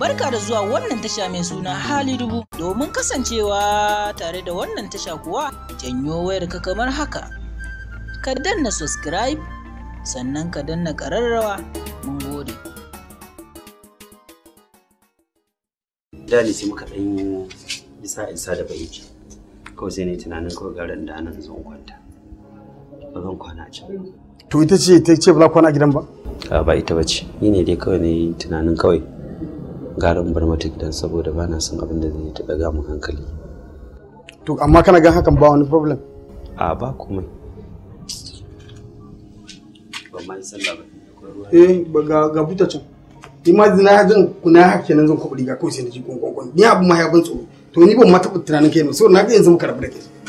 Barka da zuwa wannan tasha mai suna hali dubu domin kasancewa tare da wannan tasha kuwa janyo wayar ka kamar haka. Ka danna subscribe sannan ka danna ƙararrawa mun gode. Dali sai muka ɗan isa isa da bai kawai sai ne tunanin kawai ga da nan zan kwanta. Ba zan kwana can. To ita ce ta ce ba za kwana gidan ba? A ba ita ba ce. Ni ne dai kawai ne tunanin kawai gara in bar mata gidan saboda bana son abin da zai taɓa ga mu hankali to amma kana gan hakan ba wani problem a ba kuma ban ma sallah eh, ba ga ga buta can ni ma na jin kuna hakke nan zan kwabri ga kawai sai na ji gongon ni abu ma ya ban tsoro to ni ban ma taɓa tunanin kai ne so na ga yanzu muka rabu da kai